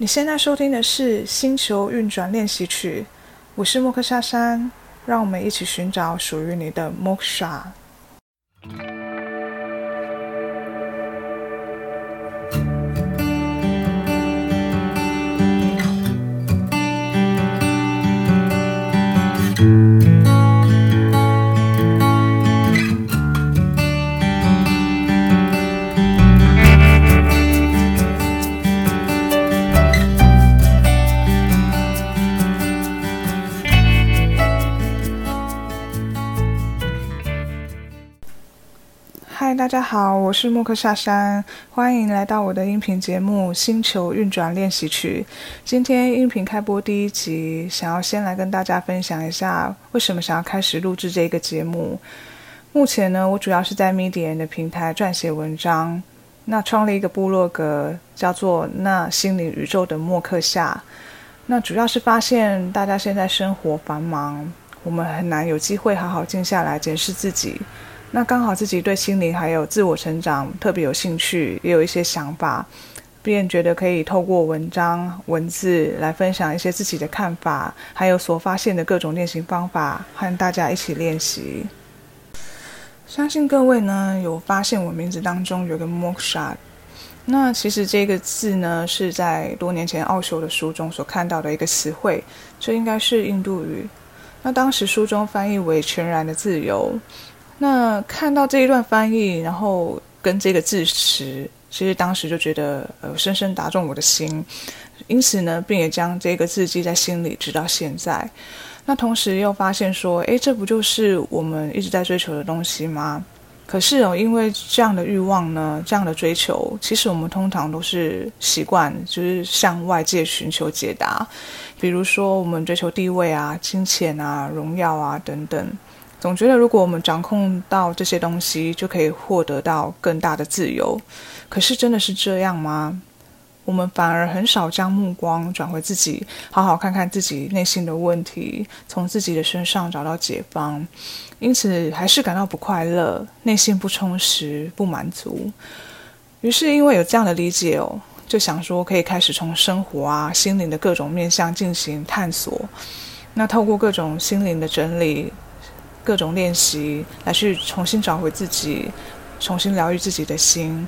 你現在收聽的是星球運轉練習曲，我是默克沙山，讓我們一起尋找屬於你的 Moksha。嗨，大家好，我是莫克夏山，歡迎來到我的音頻節目《星球運轉練習曲》。今天音頻開播第一集，想要先來跟大家分享一下為什麼想要開始錄製這個節目。目前呢，我主要是在 Medium 的平台撰寫文章，那創立一個部落格叫做“那心靈宇宙的莫克夏”。那主要是發現大家現在生活繁忙，我們很難有機會好好靜下來檢視自己。那剛好自己對心靈還有自我成長特別有興趣，也有一些想法，便覺得可以透過文章文字來分享一些自己的看法，還有所發現的各種練習方法，和大家一起練習。相信各位呢有發現我名字當中有個 Moksha，那其實這個字呢是在多年前奧修的書中所看到的一個詞彙，這應該是印度語。那當時書中翻譯為“全然的自由”。那看到這一段翻譯，然後跟這個字詞，其實當時就覺得，呃，深深打中我的心，因此呢，並也將這個字記在心裡，直到現在。那同時又發現說，哎，這不就是我們一直在追求的東西嗎？可是哦，因為這樣的慾望呢，這樣的追求，其實我們通常都是習慣，就是向外界尋求解答，比如說我們追求地位啊、金錢啊、榮耀啊等等。總覺得如果我們掌控到這些東西，就可以獲得到更大的自由。可是真的是這樣嗎？我們反而很少將目光轉回自己，好好看看自己內心的問題，從自己的身上找到解方。因此還是感到不快樂，內心不充實、不滿足。於是因為有這樣的理解哦，就想說可以開始從生活啊、心靈的各種面向進行探索。那透過各種心靈的整理。各種練習，來去重新找回自己，重新療癒自己的心。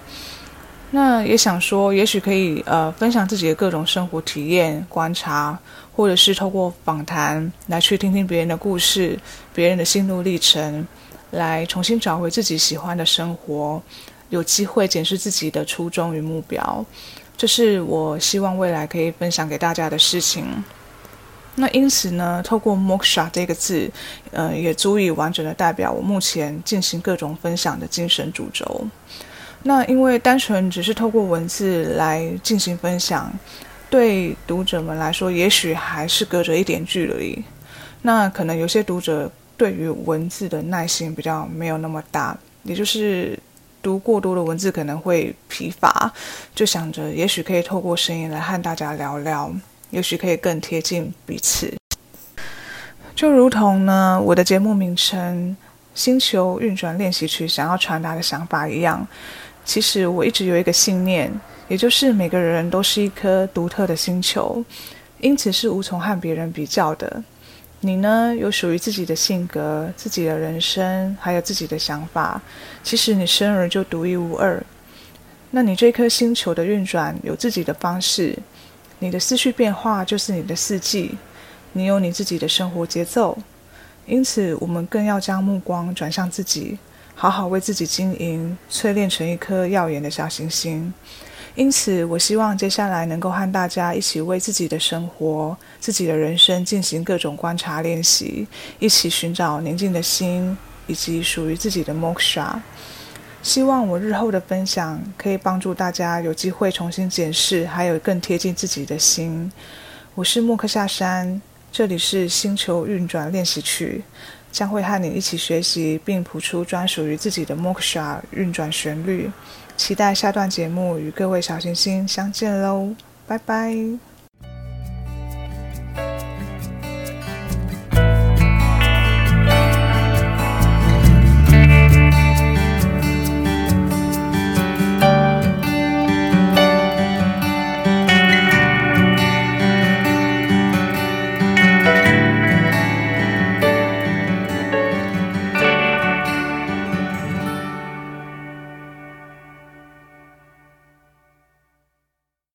那也想說，也許可以呃分享自己的各種生活體驗、觀察，或者是透過訪談來去聽聽別人的故事、別人的心路歷程，來重新找回自己喜歡的生活，有機會檢視自己的初衷與目標。這是我希望未來可以分享給大家的事情。那因此呢，透過 “Moksha” 這個字，呃，也足以完整的代表我目前進行各種分享的精神主軸。那因為單純只是透過文字來進行分享，對讀者們來說，也許還是隔着一點距離。那可能有些讀者對於文字的耐心比較沒有那麼大，也就是讀過多的文字可能會疲乏，就想着也許可以透過聲音來和大家聊聊。也許可以更貼近彼此，就如同呢我的節目名稱《星球運轉練習曲》想要傳達的想法一樣，其實我一直有一個信念，也就是每個人都是一顆獨特的星球，因此是無從和別人比較的。你呢有屬於自己的性格、自己的人生，還有自己的想法。其實你生而就獨一無二，那你這顆星球的運轉有自己的方式。你的思緒變化就是你的四季，你有你自己的生活節奏，因此我們更要將目光轉向自己，好好為自己經營，淬煉成一顆耀眼的小行星。因此，我希望接下來能夠和大家一起為自己的生活、自己的人生進行各種觀察練習，一起尋找寧靜的心以及屬於自己的 moksha。希望我日後的分享可以幫助大家有機會重新檢視，還有更貼近自己的心。我是木克夏山，這裡是星球運轉練習曲，將會和你一起學習並譜出專屬於自己的木克夏運轉旋律。期待下段節目與各位小星星相見嘍，拜拜。